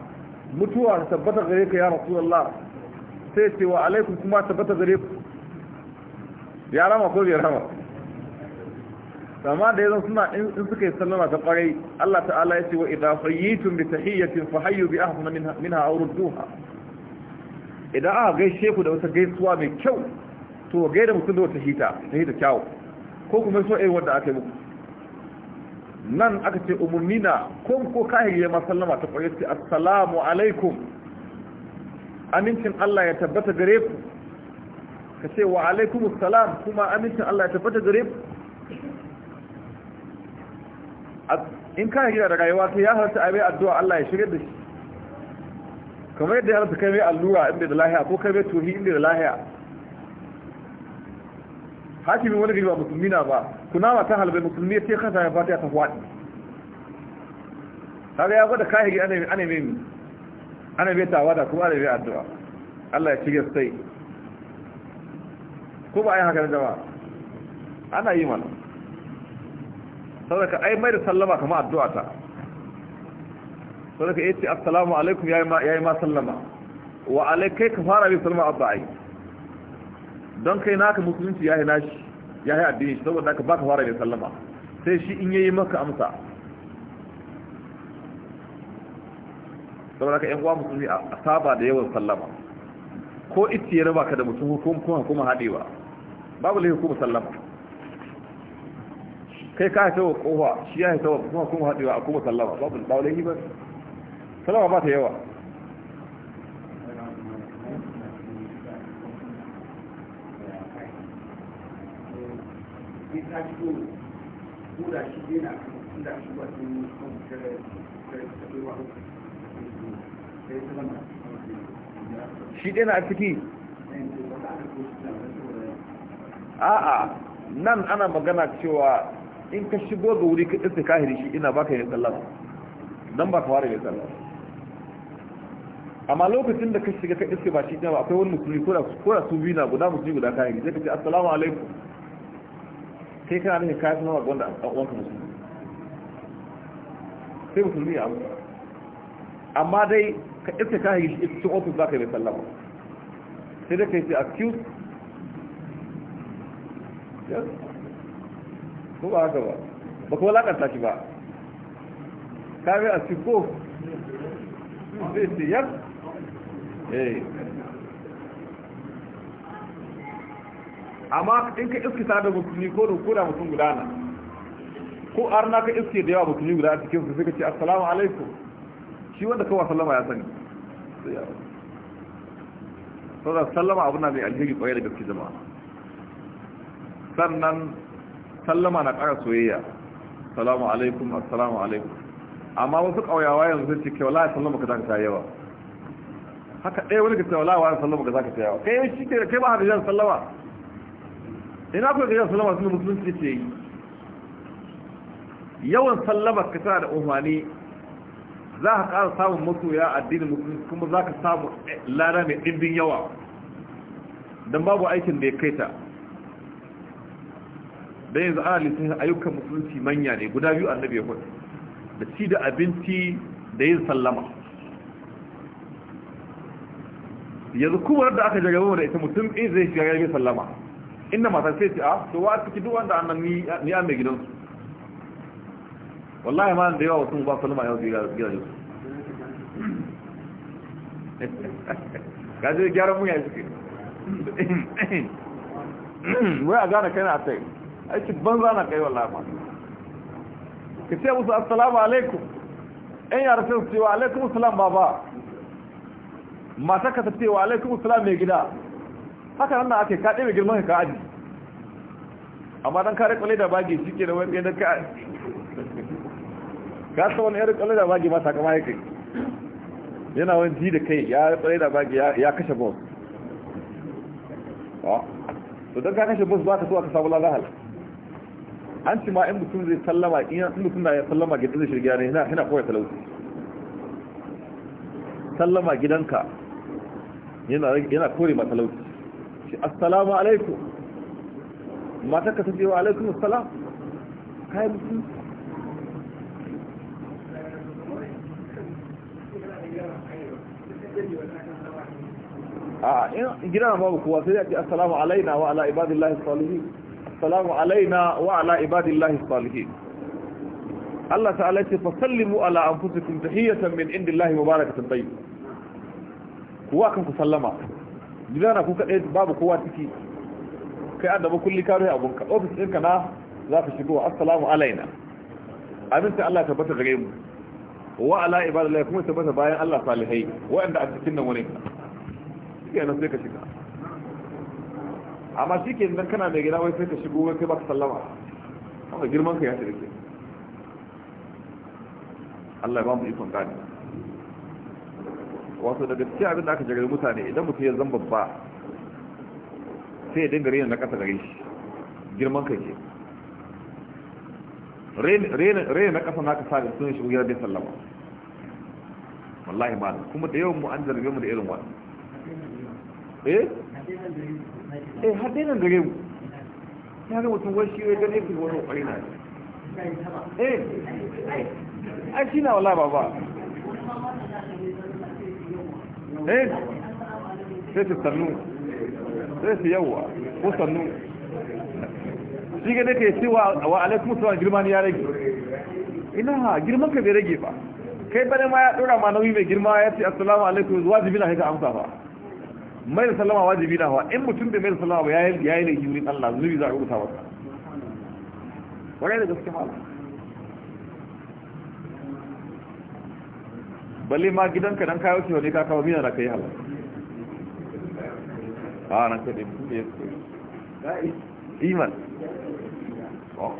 mutuwa ta tabbata gare ka ya rasulallah sai ce wa alaikum kuma tabbata gare ku ya rama ko bai rama amma da yanzu suna in suka yi sallama ta kwarai Allah ta'ala ya ce wa idan fayyitum bi tahiyyatin fa hayyu bi ahsana minha aw rudduha idan aka gaishe ku da wata gaisuwa mai kyau to gaida mutum da wata hita ta hita kyau ko kuma so irin wanda aka yi muku nan aka ce umurnina ko ko kahiri ya ma sallama ta kwarai ce assalamu alaikum amincin Allah ya tabbata gare ku ka ce wa alaikum salam kuma amincin Allah ya tabbata gare ku in ka gida da rayuwa to ya halatta abai addu'a Allah ya shirye da shi kamar yadda ya halatta kai mai allura inda da lahiya ko kai mai tuhi inda da lahiya hakimin wani gari ba musulmi na ba kunama ta halbe musulmi ya ce kansa ya fata ya tafi kaga ya gwada kahiri ana mai ana mai tawada kuma ana mai addu'a Allah ya shirya sai ko ba a yi haka da ba ana yi mana sadaka ai mai da sallama kama addu'a ta sadaka yace assalamu alaikum yayi ma yayi ma sallama wa alaikai ka fara bi sallama abba ai don kai naka musulunci yayi nashi yayi addini saboda ka baka fara bi sallama sai shi in yayi maka amsa saboda ka yan uwa musulmi a saba da yawan sallama ko ittiyar baka da mutum hukum kuma kuma hadewa babu laifi kuma sallama kai ka haifa wa kowa shi ya haifa kuma kuma haɗewa a kuma sallama babu babu ba sallama ba ta yawa shi ɗaya na a ciki a'a nan ana magana cewa in ka shigo da wuri kaɗin ta kahiri shi ina baka yin sallah don ba ka ware yin sallah amma lokacin da ka shiga ka iske ba shi ɗin ba akwai wani musulmi ko da su biyu na guda musulmi guda kahiri sai ka ce assalamu alaikum sai kana nufin kayan sanarwa wanda a uwanka musulmi sai musulmi ya amma dai ka iske kahiri shi cikin ofis za ka yi sallah sai dai ka yi sai accuse ko ba haka ba ba kuma lakanta shi ba kare a siko zai siyar eh. amma in ka iske sa da musulmi ko da kuna mutum gudana ko arna ka iske da yawa musulmi guda a cikin su suka ce assalamu alaikum shi wanda kawai sallama ya sani sai ya sallama abu na mai alheri kwaye da gaske jama'a sannan sallama na ƙara soyayya salamu alaikum assalamu alaikum amma wasu ƙauyawa yanzu sun ce kewala ya sallama ka za ka ta yawa haka ɗaya wani ka ce wala ya sallama ka za ka ta yawa kai shi ke kai ba haka jan sallama ina kuwa jan sallama sun musulunci ce yi yawan sallama ka tana da umarni za ka ƙara samun masoya addinin musulunci kuma za ka samu eh, lada mai ɗimbin yawa don babu aikin da ya kai ta don yanzu ana littafin ayyukan musulunci manya ne guda biyu annabi ya hudu da ci da abinci da yin sallama yanzu kuma da aka jagaba da ita mutum in zai shiga ya sallama inda matar sai ce a ah, to wa ciki duk wanda annan ni an mai gidansu wallahi ma da yawa wasu ba sallama yau gidajen yau gajiyar gyaran munya suke wai a gane kai na a tsaye aiki banza na kai wallahi ba Ki ce musu assalamu alaikum ɗan yara sai su ce wa alaikum assalam baba mata ka ta ce wa alaikum assalam mai gida haka nan na ake ka mai girman ka aji amma dan kare kwale da bagi shi ke da wani da ka ka ta wani yare kwale da bagi ba sakama ya kai yana wani ji da kai ya kwale da bagi ya kashe boss to don ka kashe boss ba ka so ka samu lalahal an ci ma in mutum zai sallama in mutum na ya sallama gidan zai ne yana yana koya talauci sallama gidanka yana yana kore ma talauci shi assalamu alaikum mata ka tafi wa alaikum assalam kai mutum a in gidan babu kuwa sai ya ce assalamu alaina wa ala ibadillahi salihin السلام علينا وعلى عباد الله الصالحين الله تعالى فسلموا على أنفسكم تحية من عند الله مباركة طيبة كواكم كسلما جدانا كوكا إيه باب كواتكي كي أدب كل كاره أبنك أوفيس إنك نا لا تشكوا السلام علينا أمنت الله تبت غريم وعلى عباد الله كم تبت باين الله صالحين وعند أتكلم ونكنا كي أنا سيكا شكا amma shi ke zan kana mai gida wai sai ka shigo wai kai baka sallama amma girman ka ya shiga ke Allah ya ba mu ikon gani wato da cikin abin da aka jagar mutane idan mutum ya zan babba sai ya dinga rena na ƙasa gare shi girman ka ke rena na ƙasa naka sa ga sun shigo gida bai sallama wallahi ma kuma da yawan mu an zarge mu da irin wani eh eh har dai nan gare mu ya ga mutum wani shi ya gane ku wani kwari na eh ai shi na wallahi baba eh sai su sannu sai su yawa ko sannu shi ga dake ce wa alaikum salam girman ya rage ina ha girman ka bai rage ba kai bane ma ya dora ma nauyi mai girma ya ce assalamu alaikum wajibi na kai ka amsa ba mai da sallama wajibi na hawa in mutum bai mai da sallama ba ya yi laifi wurin Allah zunubi za a rubuta masa wani da gaske mala balle ma gidanka dan kayo kiwo wani ka kawo mina da kai halar a nan kaɗe mutum ya tsaye iman oh.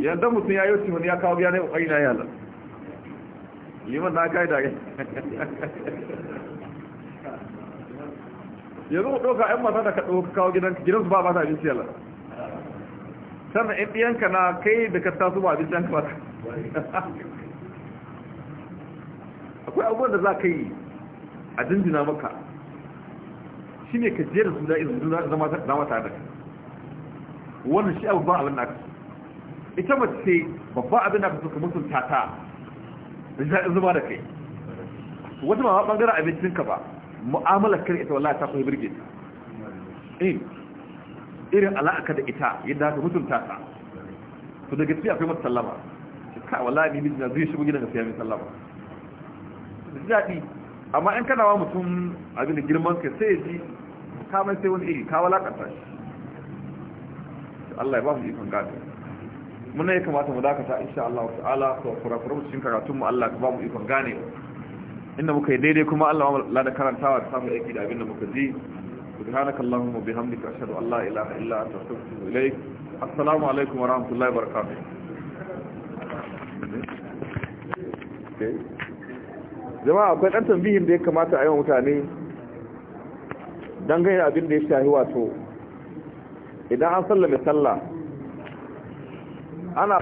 yadda mutum ya yi wasu wani ya kawo biya ne ƙwai na yi halar liman na kai da [laughs] yanzu ku ɗauka ‘yan mata da ka ɗauka kawo gidanka gidansu ba ba ta abinci yalla sannan in ɗiyanka na kai da ka taso ba abinci yanka ba ta [laughs] akwai abubuwan da za ka yi a dindina maka shi ne ka jera su da'in su zama tare da ka wannan shi abubuwan abin da ita mace babban abin na ka suka mutunta ta da shi daɗin zuba da kai wata ma ɓangaren abincinka ba mu'amalar kar ita wallahi ta kuma birge ta in eh, irin ala'aka da ita yadda ka mutunta ta to daga gaskiya akwai mata ka wallahi ni mijina zai shigo gidan gaskiya mai sallama daɗi amma in kana wa mutum abin da girman ka sai ji ka mai sai wani iri ka walakanta shi Allah ya ba mu ikon gado muna ya kamata mu dakata insha Allah ta'ala ko kurakurar cikin karatun mu Allah ya ba mu ikon ganewa inda muka yi daidai kuma Allah la da karantawa da samun aiki da abin da muka ji subhanakallahumma bihamdika ashhadu an la ilaha illa anta astaghfiruka wa ilaik assalamu alaikum wa rahmatullahi wa barakatuh jama'a akwai dan tambihin da ya kamata a yi wa mutane dangane da abin da ya shahi wato idan an sallame sallah ana